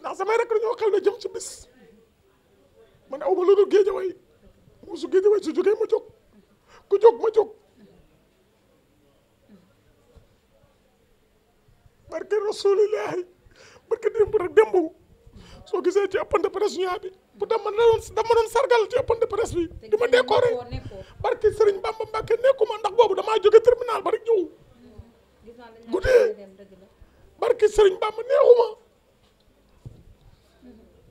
ndax samay rek dañoo xel ne jëm ci bis man aw ma lu dul géejaway mu su géejaway su jógee ma jóg ku jóg ma jóg barke rasulillahi barke démb rek démb soo gisee ci ëppante presse ñaa bi bu dama doon dama doon sargal ci ëppante presse bi di ma décoré barke Serigne Bamba Mbacke nekkuma ndax boobu damaa jóge terminal ba rek ñëw hmm. guddee barke Serigne Bamba neexuma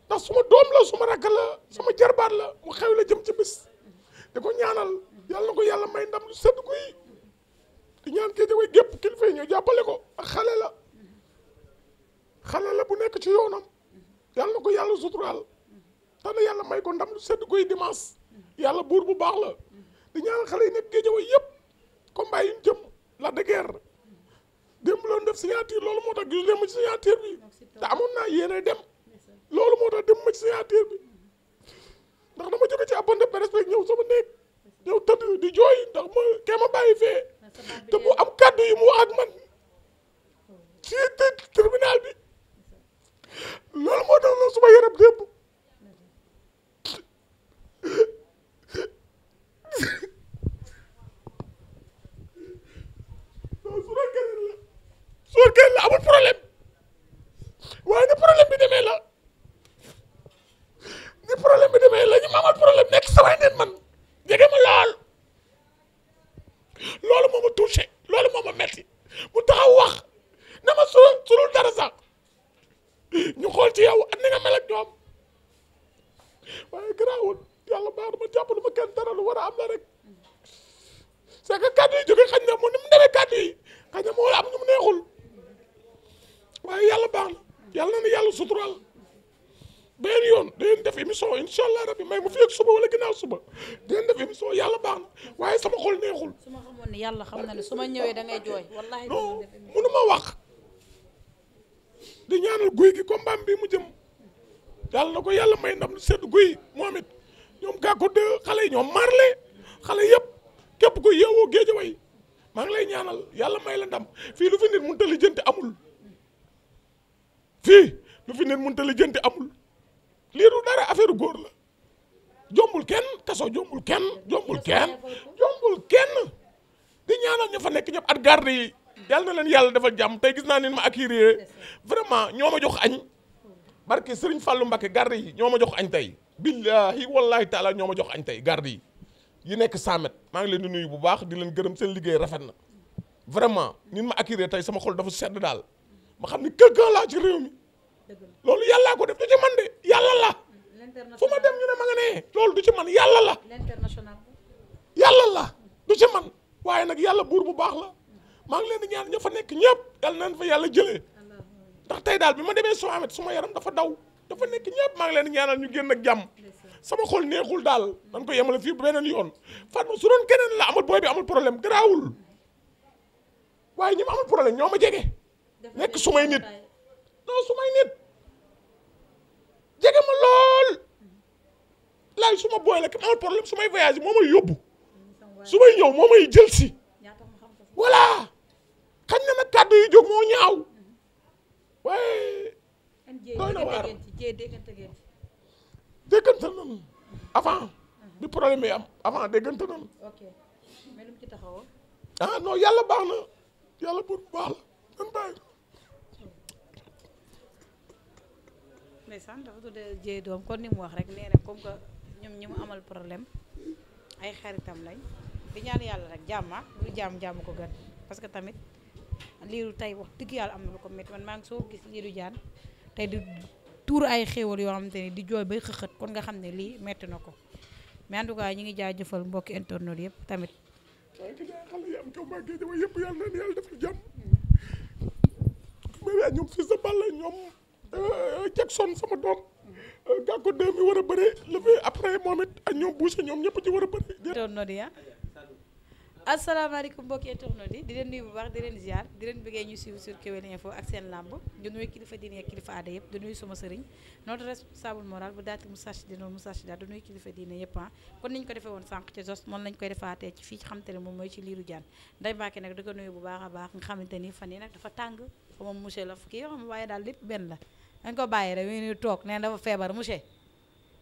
ndax suma doom la suma rakk la suma jarbaat la mu la jëm ci bis di ko ñaanal yàlla na ko yàlla may ndam lu sedd ko yi di ñaan kii di koy gépp jàppale ko ak xale la xale la bu nekk ci yoonam yàlla ko yàlla suturaal te yàlla may ko ndam sedd ko yi yàlla buur bu baax la di ñaanal xale yi nekk géejaway yëpp combat yi ñu jëm la de guerre démb loon def signature loolu moo tax gis démb ci bi te amoon naa yéene dem loolu moo tax dem ma ci signature bi ndax dama jóge ci abonné presse rek ñëw sama néeg ñëw tëdd di jooy ndax ma kee ma bàyyi fee te mu am kàddu yi mu wax ak man ci bi loolu moo tax loolu suma yaram démb allah rabbi may mu fi ak suba wala ginnaaw suba dinañ def émission yàlla baax na waaye sama xol neexul. su ma yàlla xam na ne su ma ñëwee da ngay jooy. wallaahi non mënu ma wax. di ñaanal guy bi mu jëm yàlla na ko yàlla may ndam sedd guy moom it ñoom gàkku xale yi ñoom marle xale yëpp képp ko yeewoo géej way maa ngi lay ñaanal yàlla may la ndam fii lu fi nit mënut a lijjanti amul fii lu fi nit mënut a lijjanti amul lii du dara affaire góor la jombul kenn kasoo jombul kenn jombul kenn jombul kenn di ñaanal ñu fa nekk ñëpp at garde yi yàlla na leen yàlla dafa jàmm tey gis naa ne ma ak accueillir vraiment ñoo ma jox añ barke Serigne Fallou Mbacké garde yi ñoo ma jox añ tey billahi wallahi taala ñoo ma jox añ tey garde yi yi nekk 100 maa ngi leen di nuyu bu baax di leen gërëm seen liggéey rafet na vraiment ni ma ak accueillir tey sama xol dafa sedd daal ma xam ne quelqu'un laa ci réew mi loolu yàllaa ko def du ci yàlla la fu ma dem ñu ne ma nga nee loolu du ci man yàlla la yàlla la du ci man waaye nag yàlla buur bu baax la maa ngi leen di ñaan ña fa nekk ñëpp yàlla nañ fa yàlla jëlee ndax tey daal bi ma demee su ma yaram dafa daw dafa nekk ñëpp maa ngi leen di ñaanal ñu génn jàmm sama xol neexul daal dañ ko yemale fii beneen yoon Fatma su doon keneen la amul booy bi amul problème garaawul waaye ñi ma amul problème ñoo ma jege nekk sumay nit nit jege ma lool laay su ma booy la kat amul problème su may voyage moo may yóbbu su may ñëw moo may jël si voilà xañ na nag kàddu yu jóg moo ñaaw waaye doy na waar déggante nañu avant bi problème yi am avant déggante nañu ah non yàlla baax na yàlla buur bu baax la nan bàyyi ndeysaan dafa tudd jee doom kon ni mu wax rek nee na comme que ñoom ñi mu amal problème ay xaritam lañ di ñaan yàlla rek jàmma ah, lu jàmm jàmm ko gën parce que tamit liiru tey wax dëgg yàlla am na lu ko métti man maa ngi soo gis lii du jaan tey di tuur ay xéewal yoo xamante ni di jooy bay xëxët kon nga xam ne lii métti na ko mais en tout cas ñi ngi jaajëfal mbokki internet yëpp tamit waaye ki daa yàlla na yàlla def lu jàmm hmm. ñoom fii sa bàll ñoom euh, Jackson sama doom gàkko deux mi war a bëree levée après moom it ak ñoom buuse ñoom ñëpp ci war a bëree. tournoi di ah asalaamaaleykum mbokki tournoi di di leen nuyu bu baax di leen ziar di leen bëggee ñu suivre sur Kewel Info ak seen làmb di nuyu kilifa diine ak kilifa aada yëpp di nuyu sama sëriñ notre responsable moral bu daati Moustarchidine dinoon Moustarchidaty di nuyu kilifa diine yëpp ah kon niñ ko defee woon sànq ci jos moom lañ koy defaatee ci fii ci xamante ne moom mooy ci liiru jaan nday bu baax a baax nga xamante ni fan yi nag dafa tàng moom monsieur la fukki waaye daal lépp benn la dañ ko bàyyi rek mu ngi toog nee dafa feebar monsieur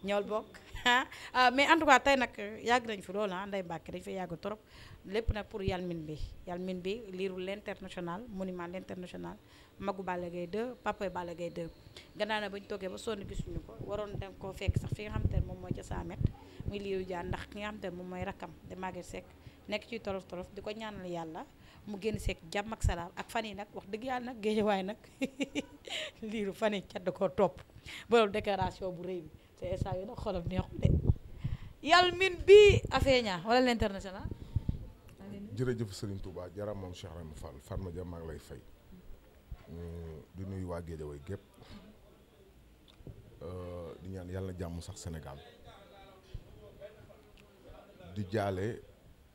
ñëwal bokk ah, ah mais en tout cas tey nag yàgg nañ fi loolu ah Ndeye Mbacke dañ fi yàgg trop lépp nag pour yalmin bi yalmin bi liiru l'international monument l'international magu Balla Gaye 2 papay Balla Gaye 2 gannaaw na ba ñu toogee ba sonn gisuñu ko waroon dem koo fekk sax fi nga xamante ne moom mooy ca Samet muy liiru jaan ndax ki nga xamante ne moom mooy rakkam te Maguette Seck nekk ci tolof tolof di ko ñaanal yàlla mu génn seeg jàmm ak salaam ak fan yi nag wax dëgg yàlla nag géejewaay nag liiru fan yi cat da koo topp borom déclaration bu rëy bi te instant yii nag neexu de yàlla min bii afeeña wala l'international. jërëjëf Serigne Touba jaram moom Cheikh Rahma Fall Fatma Dia maa ngi lay fay mm, di nuyu waa Géejawaay gépp euh, di ñaan yàlla jàmm sax Sénégal di jaale.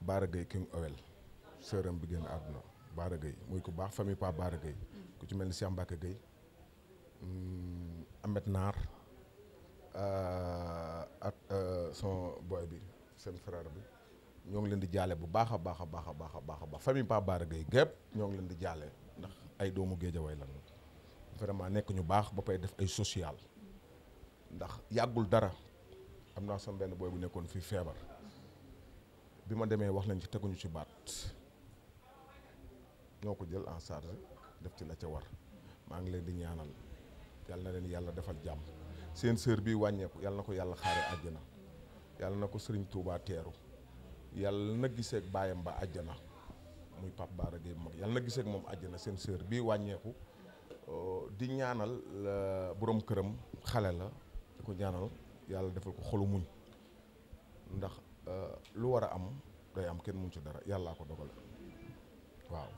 Baara Gueye King Owel sëram bi génn àdduna Baara Gueye muy ku baax famille Pape Baara Gueye ku ci mel ni Cheikh Mbacke Gueye mm, Amet Naar euh, ak euh, son boy bi seen frère bi ñoo ngi leen di jaale bu baax a baax a baax a baax a baax a baax famille Pape Baara Gueye gépp ñoo ngi leen di jaale ndax ay doomu géeja Géejawaay lan vraiment nekk ñu baax ba def ay social ndax yàggul dara am naa sama benn booy bu nekkoon fii feebar bi ma demee wax nañ ci teguñu ci baat ñoo ko jël en charge def ci la ca war maa ngi leen di ñaanal yàlla na leen yàlla defal jàmm seen sœur bi wàññeeku yàlla na ko yàlla xaare àjjana yàlla na ko sëriñ Touba teeru yàlla na giseek baayam ba àjjana muy Pape Bara Gueye bu mag yàlla na giseeg moom àjjana seen sœur bii wàññeeku di ñaanal borom këram xale la di ko ñaanal yàlla defal ko xolu muñ ndax lu war a am day am kenn mun ci dara yàllaa ko dogal waaw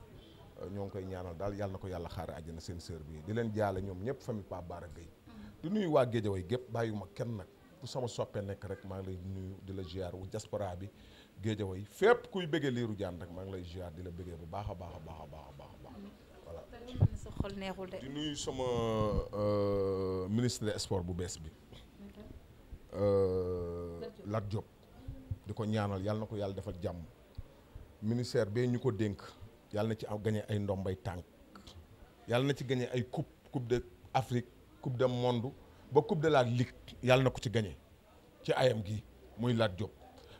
ñoo ngi koy ñaanal daal yàlla ko yàlla xaare àjjana seen sœur bi di leen jaale ñoom ñëpp famille Pape Bara Gueye mm-hmm. di nuyu waa Guédiawaye kenn nag ku sama soppee nekk rek maa ngi lay nuyu di la ziar wu diaspora bi Guédiawaye fépp kuy bëggee liiru jaan rek maa ngi lay ziar di la bëggee bu baax a baax a baax a baax baax baax mm-hmm. voilà sa xol neexul di nuyu sama euh, ministre des sports bu bees bi mm-hmm. euh, Lat di ko ñaanal yàlla na ko yàlla defal jàmm ministère bee ñu ko dénk yàlla na ci aw gañe ay ndombay tànk yàlla na ci gañe ay coupe coupe de Afrique coupe de monde ba coupe de la ligue yàlla na ko ci gañe ci ayam gi muy Lat Diop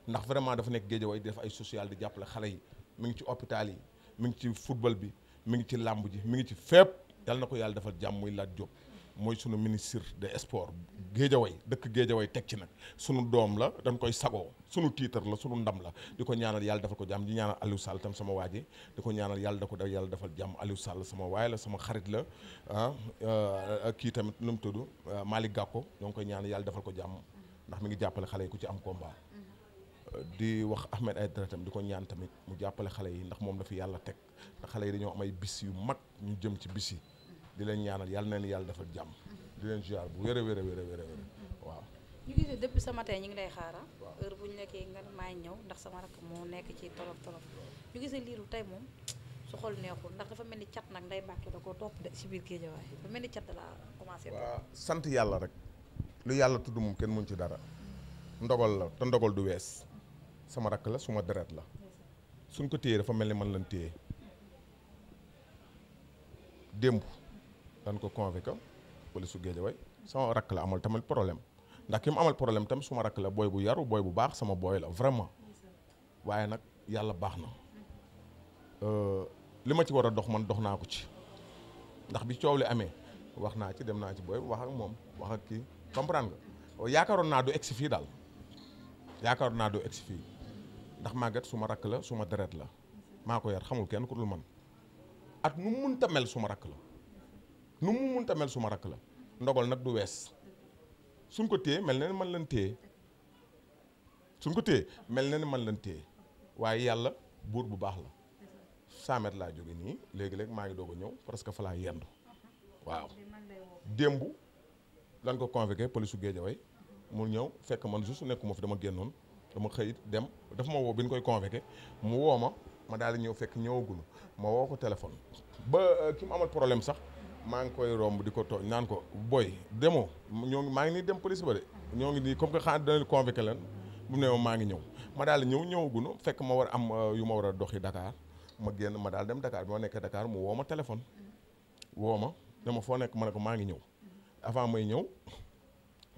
ndax vraiment dafa nekk géejawaay di def ay sociale di jàppale xale yi mi ngi ci hôpital yi mi ngi ci football bi mi ngi ci làmb ji mi ngi ci fépp yàlla na ko yàlla defal jàmm muy Lat Diop mooy sunu ministre des sports géejaway dëkk géejaway teg ci nag sunu doom la dañ koy sagoo sunu tiitar la sunu ndam la di ko ñaanal yàlla defal ko jàmm di ñaanal Aliou Sall sama waa ji di ko ñaanal yàlla da ko def yàlla defal jàmm Aliou Sall sama waay la sama xarit la ah, ah kii tamit nu mu tudd ah, maali gàkko ñoo ngi koy ñaanal yàlla defal ko jàmm ndax mi ngi jàppale xale yi ku ci am combat. di wax Ahmed Aïdara tam di ko ñaan tamit mu jàppale xale yi ndax moom la yàlla teg ndax xale yi dañoo am ay bis yu mag ñu jëm ci bis yi. di leen ñaanal yàlla na leen yàlla defal jàmm. di leen ziar bu wér a wér a wér a waaw. ñu gis depuis ce matin ñu ngi lay xaaral. Ah. heure bu ñu nekkee nga maay ñëw ndax sama rakk moo nekk ci tolof tolof ñu gis ne liiru tey moom su xol neexul ndax dafa mel ni cat nag nday bàkke da ko topp de si biir géejawaay dafa mel ni cat da laa commencé. waaw sant yàlla rek lu yàlla tudd moom kenn mun ci dara ndogal la te ndogal du wees sama rakk la suma deret la suñ ko téyee dafa mel ni man lañ téye démb. daan ko convoqué police su Guédiawaye sama rakk la amal tamit problème ndax ki mu amal problème tam suma rakk la booy bu yaru booy bu baax sama booy la vraiment waaye nag yàlla baax na euh, li ma ci war a dox man dox naa ko ci ndax bi coow li amee wax naa ci dem naa ci booy wax ak moom wax ak kii comprendre nga oh, yaakaaroon naa du egsi fii daal yaakaaroon naa du egsi fii ndax màggat suma rakk la suma deret la maa ko yar xamul kenn ku dul man ak nu munta mel suma rakk la nu mu munta mel suma rakk la ndogal nag du wees suñ ko téye mel na ne man lan suñ ko mel na ne man lan téye waaye yàlla buur bu baax la saamet laa jóge nii léegi-léegi maa ngi doog a ñëw parce que fa laa yendu waaw démb lan ko convoqué polisu Guédiawaye mu ñëw fekk man juste nekkuma fi dama génnoon dama xëyit dem dafa ma woo bi ñu koy convoqué mu woo ma ma daal di ñëw fekk ñëwagunu ma woo ko téléphone ba euh, ki amal problème sax maa ngi koy romb di ko tooñ naan ko boy demoo ñoo ngi maa ngi nii dem police ba de ñoo ngi nii comme que xanaa danañ convoqué leen bu mu ne maa ngi ñëw ma daal ñëw ñëwagunu fekk ma war a am uh, yu ma war a dox doxi Dakar ma génn ma daal dem dakaar bi ma nekkee dakaar mu woo ma téléphone woo ma dama foo nekk ma ne ko maa ngi ñëw avant may ñëw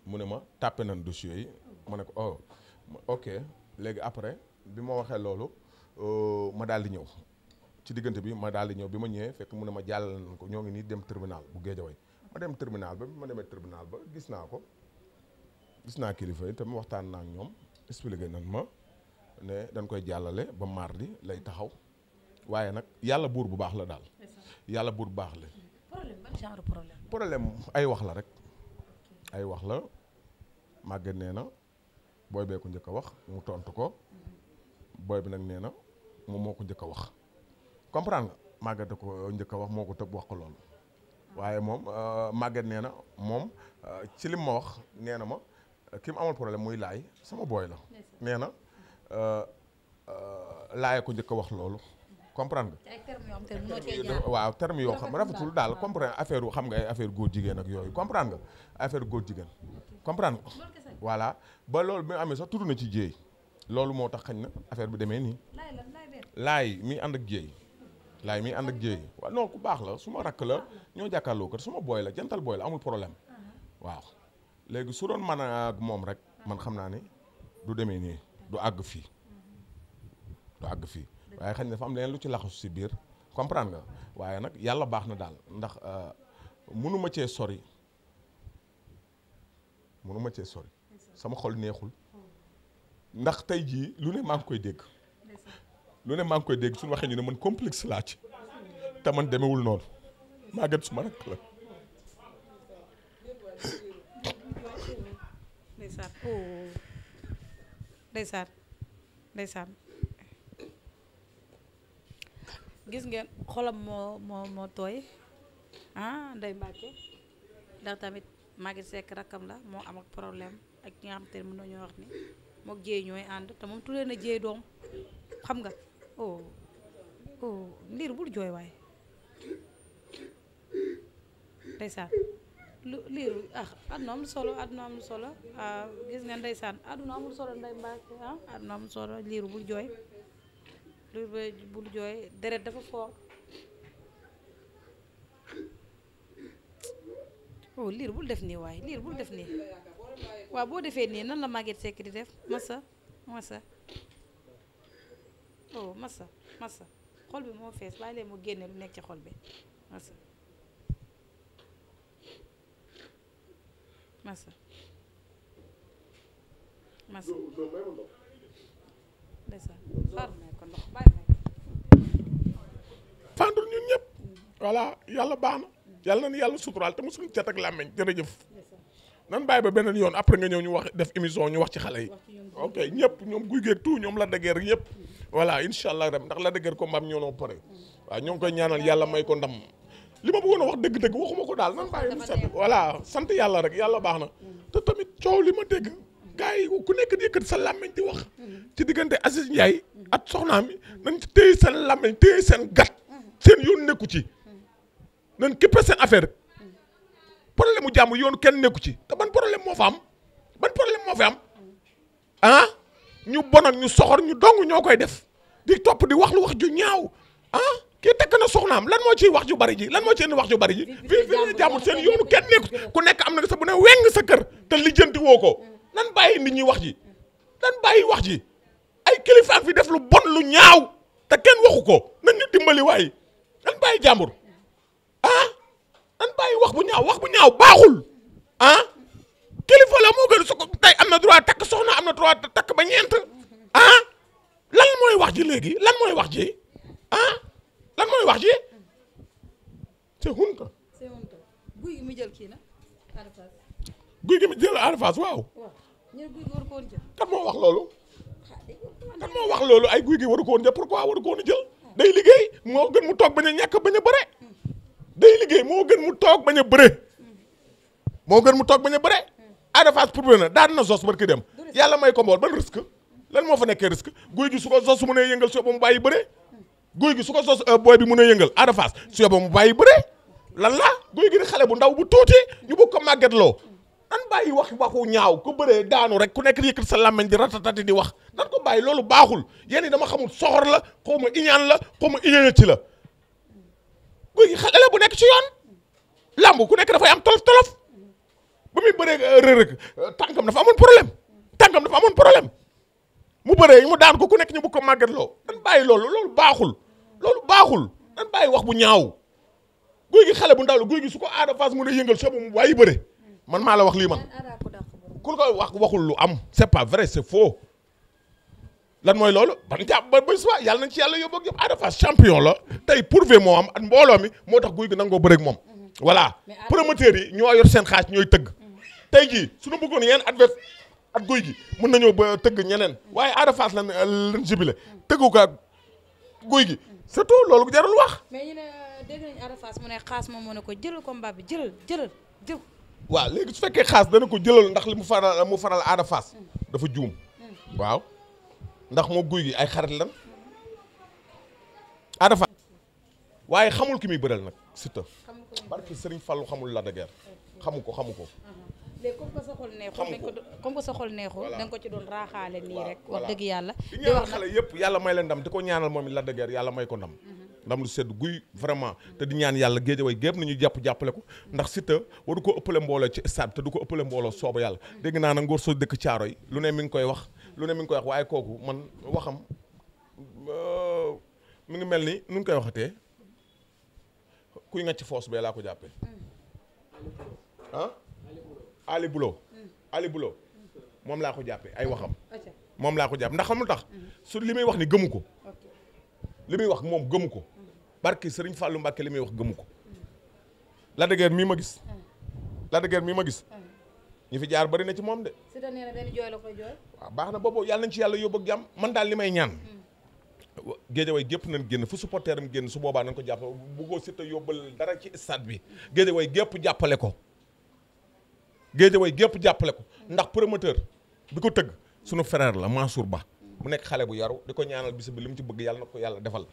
mu ne ma tàppe nan dossier yi ma ne ko oh ok léegi après bi ma waxee loolu uh, ma daal di ñëw ci diggante bi ma daal di ñëw bi ma ñëwee fekk mu ne ma jàllale na ko ñoo ngi nii dem terminal bu Géejawaay ma dem terminal ba bi ma demee terminal ba gis naa ko gis naa kilifa yi te waxtaan naa ak ñoom expliqué nañ ma ne dañ koy jàllale ba mardi lay taxaw waaye nag yàlla buur bu baax la daal. yàlla buur bu baax la. problème ay wax la rek ay wax la màgget nee na booy bee ko njëkk a wax mu tontu ko mm-hmm. booy bi nag nee na moom moo ko njëkk a wax. comprendre nga Maguette ko euh, njëkk a wax moo ko tëb wax ko loolu waaye moom euh, màgget nee na moom euh, ci lim ma wax nee na ma ki mu amul problème muy laay sama booy la nee na laay ko njëkk wax loolu comprendre nga waaw xam rafetul daal comprendre affaire xam nga ay affaire góor jigéen ak yooyu comprendre nga affaire góor jigéen comprendre voilà ba loolu bi amee sax tudd na ci jéey loolu moo tax xañ na affaire bi demee nii laay mi ànd ak jéey laay mi ànd ak jéey waaw non ku baax la su ma rakk la ñoo jàkkaarloo ko suma booy la jantal booy la amul problème uh-huh. waaw léegi su doon man moom rek man xam naa ni du demee nii du àgg fii uh-huh. du àgg fii waaye xañ dafa am leneen lu ci laxasu si biir comprendre nga waaye nag yàlla baax na daal ndax euh, mënuma cee sori mënuma cee sori sama xol neexul oh. ndax tey jii lu ne maa koy dégg lu ne maa ngi koy dégg suñu waxee ñu ne man complexe laa ci te man demewul noonu Maguette suma rek la. ndeysaan ndeysaan gis ngeen xolam moo moo moo tooy ah Ndeye ndax tamit Maguette Seck rakkam la moo am ak problème ak ñi nga xam te ne nañoo wax ni mook jéey ñooy ànd te moom tuddee na jéey doom xam nga oh oh liir bul jooy waay ndeysaan lu liir ah àdduna amul solo àdduna amul solo ah gis nga ndeysaan àdduna amul solo nday Mbacke ah àdduna amul solo liir bul jooy liir bul jooy deret dafa foor oh liir bul def nii waay liir bul def nii waaw boo defee nii nan la Maguette Seck di def masa masa oh massa massa xol bi moo fees bàyyi leen mu génne ci xol bi massa massa massa ndeysaan xaar may ko ñun ñëpp voilà yàlla baax na yàlla na ni yàlla suturaal te mosuñu cat ak làmmeñ jërëjëf nan bàyyi ba beneen yoon après nga ñëw ñu wax def émission ñu wax ci xale yi ok ñëpp ñoom guy geeg tout ñoom la rek yëpp voilà incha allah rem ndax la dëgër ko am ñoo noo pare waaw ñoo ngi koy ñaanal yàlla may ko ndam li ma bëggoon a wax dëgg-dëgg waxuma ko daal nan bàyyi mu set voilà sant yàlla rek yàlla baax na te tamit coow li ma dégg gars yi ku nekk di yëkkat sa làmmiñ di wax ci diggante Aziz Ndiaye ak soxnaam yi nañ ci téye seen làmmiñ téye seen gat seen yoon nekku ci nañ képpe seen affaire problème mu jàmm yoon kenn nekku ci te ban problème moo fa am ban problème moo fi am ah? ñu bon ak ñu soxor ñu dong ñoo koy def di topp di wax lu wax ju ñaaw ah kii takk na soxnaam lan moo ciy wax ju bari ji lan moo ciy indi wax ju bari ji fii fii la jàmbur seen yoonu kenn nekkut ku nekk am na sa bu ne weng sa kër te lijjanti woo ko lan bàyyi nit ñi wax ji lan bàyyi wax ji ay kilifa fi def lu bon lu ñaaw te kenn waxu ko nañ ñu dimbali waaye lan bàyyi jàmbur ah lan bàyyi wax bu ñaaw wax bu ñaaw baaxul ah kilifa la moo gën su ko tey am na droit takk soxna am na droit takk ba ñeent ah lan mooy wax ji léegi lan mooy wax ji ah lan mooy wax ji c'est honte. c'est honte guy gi mu jël kii na Arafas. moo wax loolu. Ah, eh, kan moo wax loolu ay guy gi waru ko woon jël pourquoi waru ko woon jël. day liggéey moo gën mu toog bañ a ñàkk bañ a bëre. Mm. day liggéey moo gën mu toog bañ a bëre. Mm. moo gën mu toog bañ a bëre. Ada Fass prouvé na daan na sos barki dem yàlla may ko mbool ban risque lan moo fa nekkee risque guy gi su ko sos mu ne yëngal su yóbbu mu bàyyi bëre guy gi su ko sos euh, booy bi mu ne yëngal Ada su yóbbu mu bàyyi bëre lan la guy gi di xale bu ndaw bu tuuti ñu bëgg ko màggetloo nan bàyyi wax waxu ñaaw ko bëre daanu rek ku nekk yëkkat sa làmmeñ di ratatati di wax nan ko bàyyi loolu baaxul yéen dama xamul soxor la xaw ma iñaan la koo ma iñaan ci la bu nekk ci yoon làmb nekk dafay am tolof tolof ba muy bëree euh, rërëg euh, tànkam dafa amoon problème tànkam dafa amoon problème mu bëree mu daan ko ku nekk ñu bëgg ko màggat loo dañ bàyyi loolu loolu baaxul loolu baaxul dañ bàyyi wax bu ñaaw guy gi xale bu ndaw la guy gi su ko aada fas mën a yëngal soobu mu waayi bëre man maa la wax lii man ku ko wax waxul lu am c'est pas vrai c'est faux lan mooy loolu ban jàpp ba ba suba yàlla nañ ci yëpp Ada la tey prouvé moo mbooloo mi moo tax guy gi nangoo bëre ak moom mm-hmm. voilà promoteurs yi ñoo yor seen xaaj ñooy tëgg tey jii suñu bëggoon yeneen adverse ak guy gi mën nañoo ba tëgg ñeneen waaye Ada Fass lan euh, lan jibile tëggu ko ak guy gi surtout loolu jarul wax. ne dégg nañu Ada ne xaas moom ko jëlal bi jëlal jëlal jël. waaw léegi su fekkee xaas dana ko jëlal ndax li mu faral mu faral Ada mm. dafa juum. Mm. waaw ndax moo guy gi ay xarit lan Ada waaye xamul ki muy bëral nag surtout. barki Serigne Fallou xamul la de xamu ko xamu ko. Mm-hmm. xam comme que sa xol neexul dañ ko comme que sa xol nga ko doon raaxaale nii rek wax dëgg yàlla di ñaanal xale yëpp yàlla may leen ndam di ko ñaanal moom it la dëgër yàlla may ko ndam mhm. ndam lu sedd guy vraiment te di ñaan yàlla géejëway gépp nañu jàpp jàppale ko ndax Siteu waru ko ëppale mbooloo ci stade te du ko ëppale mbooloo sooba yàlla mhm. dégg naa na ngóor soo dëkk caaro yi lu ne mi ngi koy wax lu ne mi ngi koy wax waaye kooku man waxam euh, mi ngi mel ni nu ngi koy waxatee kuy nga ci foos bee laa ko jàppee mm. Ali Boulo Ali Boulo moom laa ko jàppee ay waxam. moom laa ko jàpp ndax xamul tax. su li muy wax ni gëmu ko. li muy wax moom gëmu ko. barki Serigne Fallou Mbacke li muy wax gëmu ko. Lac de Guiers mii ma gis. Lac de Guiers mii ma ñu fi jaar bari na ci moom de. si da nee baax na boobu yàlla nañ ci yàlla yóbbu jàmm man daal li may ñaan. Hmm. géejawaay gépp nañ génn fu supporter am génn su boobaa nañ ko jàppale bu ko Siteu yóbbal dara ci stade bi géejawaay gépp jàppale ko. Géejawaay gépp jàppale ko ndax promoteur bi ko tëgg sunu frère la Mansour Ba mu nekk xale bu yaru di ko ñaanal bisam bi li mu ci bëgg yàlla na ko yàlla defal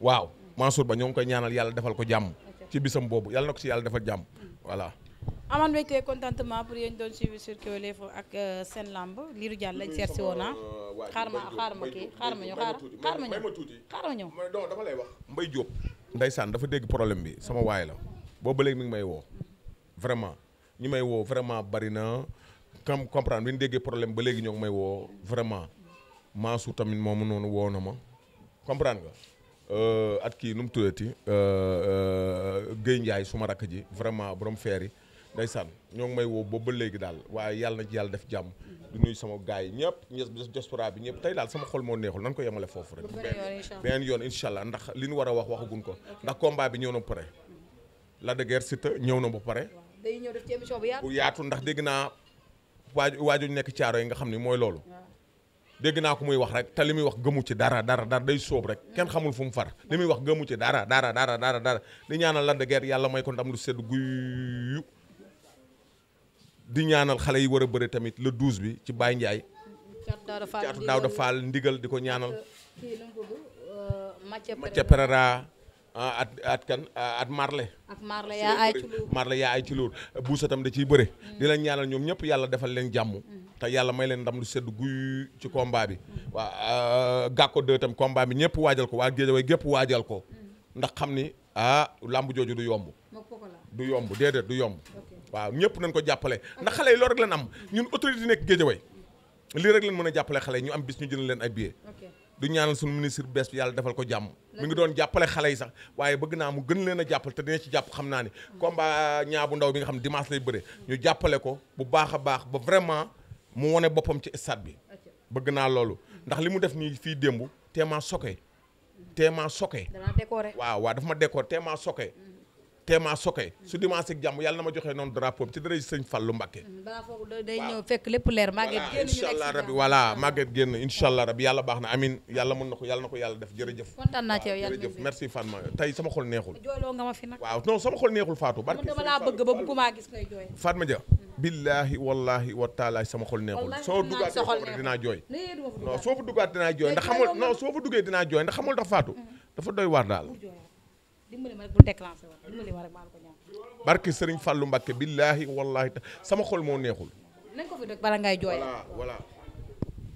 waaw Mansour Ba ñoo ngi koy ñaanal yàlla defal ko jàmm ci bisam boobu yàlla na ko si yàlla defal jàmm voilà aman mbégte contentement pour yéen doon suivre sur ak euh, seen lamb liiru jàll lañ seet si woon ah xaar ma xaar ma kii xaar ma ñu xaar xaar ma ma ñu donc lay wax Mbaye Diop ndeysaan dafa dégg problème bi sama waay la boobu léegi mi ngi may woo ñi may woo vraiment bari na comme comprendre bi ñu déggee problème ba léegi ñoo ngi may woo vraiment maasu tamit moomu noonu woo na ma comprendre nga. Euh, at kii nu mu tuddati euh, euh, Guèye Ndiaye suma rakk ji vraiment borom feer yi ndeysaan ñoo ngi may woo boobu ba léegi daal waaye yàlla na ci yàlla def jàmm du nuyu sama gaay yi ñëpp ñes diaspora bi ñëpp tey daal sama xol moo neexul nan ko yemale foofu rek beneen yoon incha allah ndax li nu war a wax waxaguñ ko ndax kombaa bi ñëw na ba la de guerre Siteu ñëw na ba pare day ñëw def ci émission bu yaatu. ndax dégg naa waaj waaju nekk caaro yi nga xam ne mooy loolu. dégg naa ko muy wax rek te li muy wax gëmu ci dara dara dara day sóob rek kenn xamul fu mu far li muy wax gëmu ci dara dara dara dara dara di ñaanal la de yàlla may ko ndam lu sedd guyu di ñaanal xale yi war a bëre tamit le 12 bi ci Baye Ndiaye. caatu daaw da faal ndigal di ko ñaanal. Euh, Mathia Perera Ah, at at kan ah, at marle ak Marley yaa ay ci loolu Marley ci loolu buusa tam da ciy bëre. Mm. di leen ñaanal ñoom ñëpp yàlla defal leen jàmm. Mm. te yàlla may leen ndam lu sedd guy ci combat bi. Mm. waa ah, gàkko deux tam combat bi ñëpp waajal ko waa Guédiawaye gépp waajal ko. ndax xam ni ah làmb jooju du yomb. du yomb déedéet du yomb. waaw ñëpp nañ ko jàppale ndax xale yi loolu rek lañ am ñun autorité nekk Guédiawaye lii rek lañ mën a jàppale xale yi ñu am bis ñu jënd leen ay billets. du ñaanal suñu ministre bees bi yàlla defal ko jàmm mu ngi doon jàppale xale yi sax waaye bëgg naa mu gën leen a jàppale te dina ci jàpp xam naa ni combat ñaa bu ndaw bi nga xam dimanche lay bëre ñu jàppale ko bu baax a baax ba vraiment mu wone boppam ci stade bi bëgg naa loolu ndax li mu def nii fii démb teemaa soke teemaa soke waaw waaw dafa ma décoré teemaa soke teema soke su dimanche jàmm yàlla na ma joxee noonu drapeau bi ci dara sëñ Fallu Mbàkke day ñëw fekk lépp leer màgget génn incha allah rabbi voilà màgget génn incha allah rabbi yàlla baax na amin yàlla mën na ko yàlla na ko yàlla def jërëjëf kontaan naa ci yow yàlla jërëjëf merci tey sama xol neexul jooloo nga ma fi nag waaw non sama xol neexul Fatou barke dama laa bëgg ba bëgguma gis ngay jooy Fatma Dia billaahi wallaahi wa sama xol neexul soo dugaat dinaa jooy non soo fa dugaat dinaa jooy ndax xamul non soo fa duggee dinaa jooy ndax xamul dafa Fatou mm-hmm. dafa doy waar daal dimbali ma rek bu déclenché woon dimbali ma rek maa ngi ko ñaan. barki Serigne Fallou Mbacké billaahi wallaahi sama xol moo neexul. nañ ko fi dëkk bala ngay jooy.